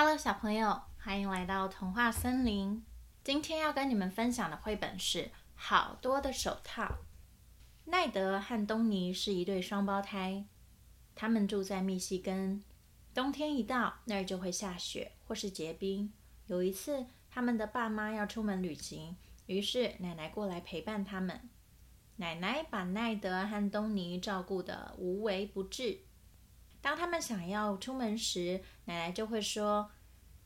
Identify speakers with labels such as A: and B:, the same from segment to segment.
A: Hello，小朋友，歡迎來到童話森林。今天要跟你們分享的繪本是《好多的手套》。奈德和東尼是一對雙胞胎，他們住在密西根。冬天一到，那兒就會下雪或是結冰。有一次，他們的爸媽要出門旅行，於是奶奶過來陪伴他們。奶奶把奈德和東尼照顧得無微不至。當他們想要出門時，奶奶就會說：“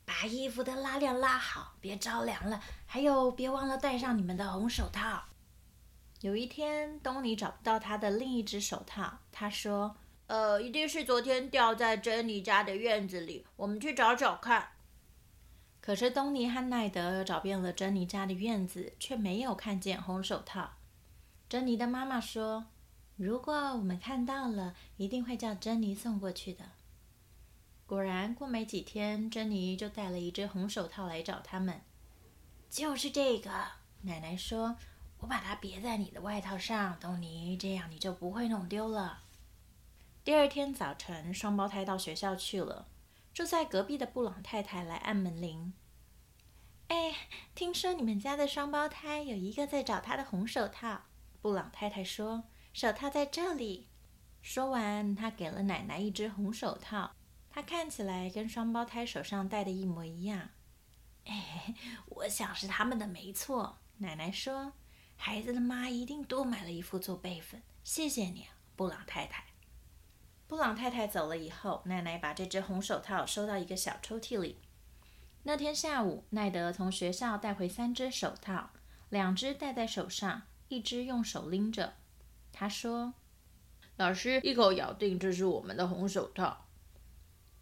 A: 把衣服的拉鏈拉好，別着涼了。還有，別忘了戴上你們的紅手套。”有一天，東尼找不到他的另一隻手套，他說：“呃，一定是昨天掉在珍妮家的院子裡，我們去找找看。”可是，東尼和奈德找遍了珍妮家的院子，卻沒有看見紅手套。珍妮的媽媽說。如果我們看到了，一定會叫珍妮送過去的。果然，過沒幾天，珍妮就帶了一隻紅手套來找他們。就是這個，奶奶說：“我把它別在你的外套上，東尼，這樣你就不會弄丟了。”第二天早晨，雙胞胎到學校去了。住在隔壁的布朗太太來按門鈴。“哎，聽說你們家的雙胞胎有一個在找他的紅手套。”布朗太太說。手套在這裡。說完，他給了奶奶一隻紅手套，它看起來跟雙胞胎手上戴的一模一樣。哎，我想是他們的沒錯。奶奶說：“孩子的媽一定多買了一副做備份。”謝謝你啊，布朗太太。布朗太太走了以後，奶奶把這隻紅手套收到一個小抽屜裡。那天下午，奈德從學校帶回三隻手套，兩隻戴在手上，一隻用手拎着。他說：“老師一口咬定這是我們的紅手套。”“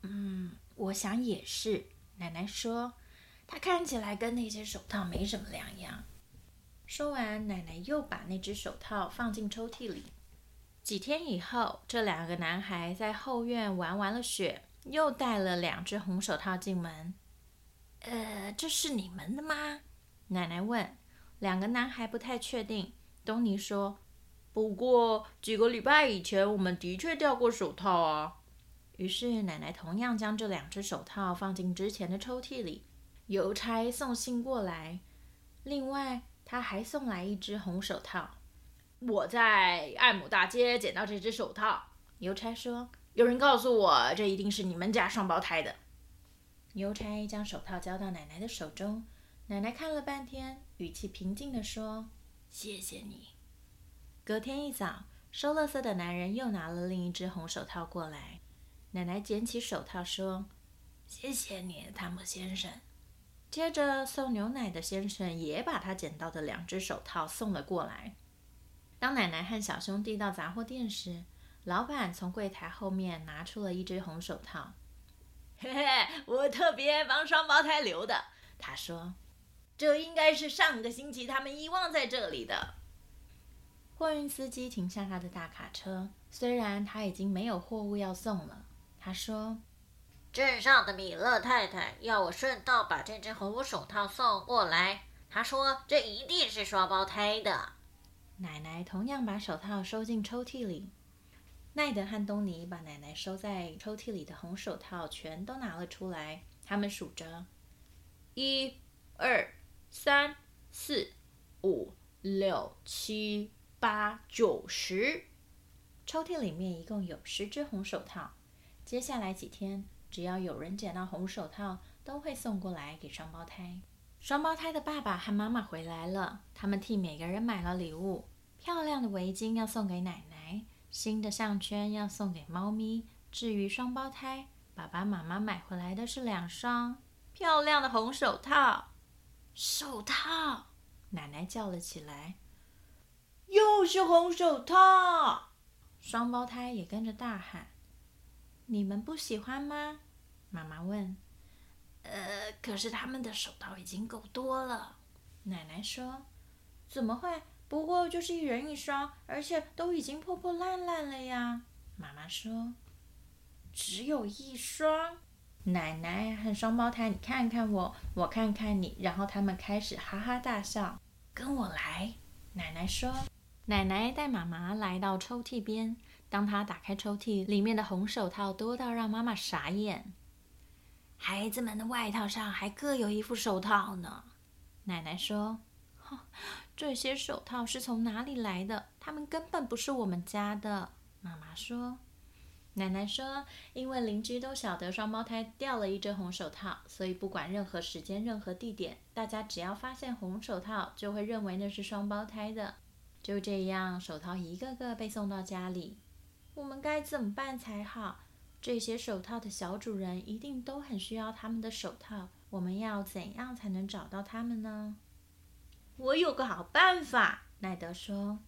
A: 嗯，我想也是。”奶奶說，“它看起來跟那些手套沒什麼兩樣。”說完，奶奶又把那只手套放進抽屜裡。幾天以後，這兩個男孩在後院玩完了雪，又帶了兩只紅手套進門。“呃，這是你們的嗎？”奶奶問。兩個男孩不太確定。東尼說。不過幾個禮拜以前，我們的確掉過手套啊。於是奶奶同樣將這兩隻手套放進之前的抽屜裡。郵差送信過來，另外他還送來一隻紅手套。我在愛姆大街撿到這隻手套。郵差說：“有人告訴我，這一定是你們家雙胞胎的。”郵差將手套交到奶奶的手中，奶奶看了半天，語氣平靜地說：“謝謝你。”隔天一早，收垃圾的男人又拿了另一隻紅手套過來。奶奶撿起手套說：“謝謝你，湯姆先生。”接着，送牛奶的先生也把他撿到的兩隻手套送了過來。當奶奶和小兄弟到雜貨店時，老闆從櫃台後面拿出了一隻紅手套。“嘿嘿，我特別愛幫雙胞胎留的。”他說，“這應該是上個星期他們遺忘在這裡的。”貨運司機停下他的大卡車，雖然他已經沒有貨物要送了。他說：“鎮上的米勒太太要我順道把這隻紅手套送過來。”他說：“這一定是雙胞胎的。”奶奶同樣把手套收進抽屜裡。奈德和東尼把奶奶收在抽屜裡的紅手套全都拿了出來，他們數着：一、二、三、四、五、六、七。八九十，抽屜裡面一共有十只紅手套。接下來幾天，只要有人撿到紅手套，都會送過來給雙胞胎。雙胞胎的爸爸和媽媽回來了，他們替每個人買了禮物：漂亮的圍巾要送給奶奶，新的項圈要送給貓咪。至於雙胞胎，爸爸媽媽買回來的是兩雙漂亮的紅手套。手套！奶奶叫了起來。又是紅手套，雙胞胎也跟着大喊：“你們不喜歡嗎？”媽媽問。“呃，可是他們的手套已經夠多了。”奶奶說。“怎麼會？不過就是一人一雙，而且都已經破破爛爛了呀。”媽媽說。“只有一雙。”奶奶和雙胞胎，你看看我，我看看你，然後他們開始哈哈大笑。“跟我來。”奶奶說。奶奶帶媽媽來到抽屜邊，當她打開抽屜，裡面的紅手套多到讓媽媽傻眼。孩子們的外套上還各有一副手套呢。奶奶說：“這些手套是從哪裡來的？它們根本不是我們家的。”媽媽說：“奶奶說，因為鄰居都曉得雙胞胎掉了一隻紅手套，所以不管任何時間、任何地點，大家只要發現紅手套，就會認為那是雙胞胎的。”就這樣，手套一個個被送到家裡。我們該怎麼辦才好？這些手套的小主人一定都很需要他們的手套。我們要怎樣才能找到他們呢？我有個好辦法，奈德說：“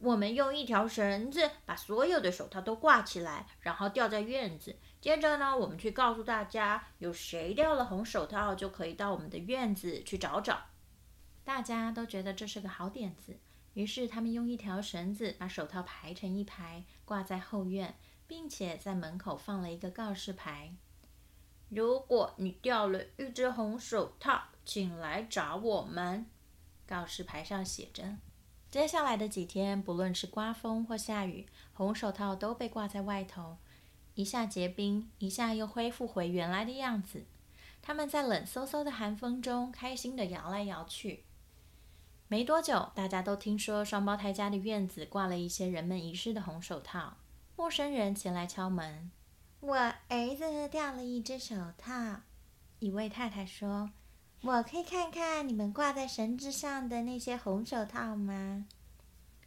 A: 我們用一條繩子把所有的手套都掛起來，然後吊在院子。接着呢，我們去告訴大家，有誰掉了紅手套，就可以到我們的院子去找找。”大家都覺得這是個好點子。於是，他們用一條繩子把手套排成一排，掛在後院，並且在門口放了一個告示牌：“如果你掉了一隻紅手套，請來找我們。”告示牌上寫着。接下來的幾天，不論是颳風或下雨，紅手套都被掛在外頭，一下結冰，一下又恢復回原來的樣子。他們在冷颼颼的寒風中開心地搖來搖去。沒多久，大家都聽說雙胞胎家的院子掛了一些人們遺失的紅手套。陌生人前來敲門：“我兒子掉了一隻手套。”一位太太說：“我可以看看你們掛在繩子上的那些紅手套嗎？”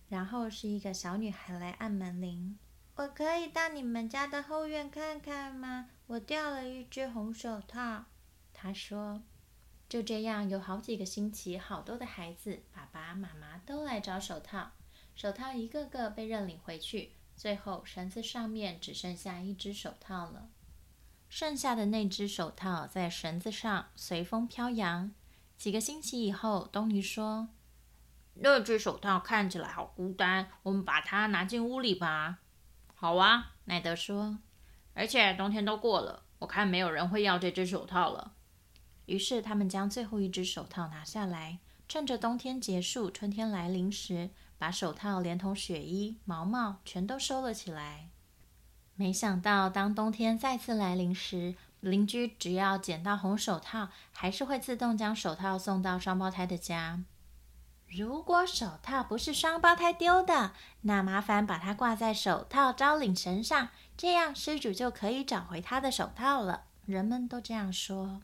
A: 然後是一個小女孩來按門鈴：“我可以到你們家的後院看看嗎？我掉了一隻紅手套。”她說。就這樣，有好幾個星期，好多的孩子、爸爸媽媽都來找手套，手套一個個被認領回去，最後繩子上面只剩下一隻手套了。剩下的那隻手套在繩子上隨風飄揚。幾個星期以後，東尼說：“那隻手套看起來好孤單，我們把它拿進屋裡吧。”“好啊。”奈德說，“而且冬天都過了，我看沒有人會要這隻手套了。”於是他們將最後一隻手套拿下來，趁着冬天結束、春天來臨時，把手套連同雪衣、毛帽全都收了起來。沒想到，當冬天再次來臨時，鄰居只要撿到紅手套，還是會自動將手套送到雙胞胎的家。如果手套不是雙胞胎丟的，那麻煩把它掛在手套招領繩上，這樣失主就可以找回他的手套了。人們都這樣說。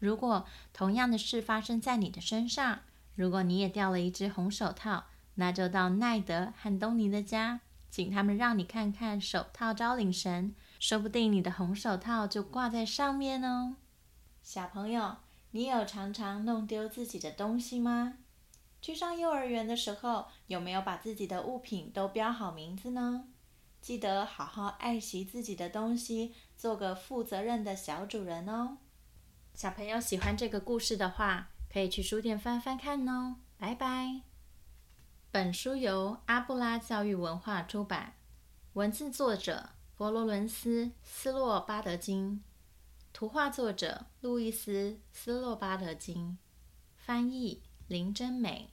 A: 如果同樣的事發生在你的身上，如果你也掉了一隻紅手套，那就到奈德和東尼的家，請他們讓你看看手套招領繩，說不定你的紅手套就掛在上面哦。小朋友，你有常常弄丟自己的東西嗎？去上幼兒園的時候，有沒有把自己的物品都標好名字呢？記得好好愛惜自己的東西，做個負責任的小主人哦。小朋友喜歡這個故事的話，可以去書店翻翻看哦。拜拜。本書由阿布拉教育文化出版，文字作者佛羅倫斯·斯洛巴德金，圖畫作者路易斯·斯洛巴德金，翻譯林真美。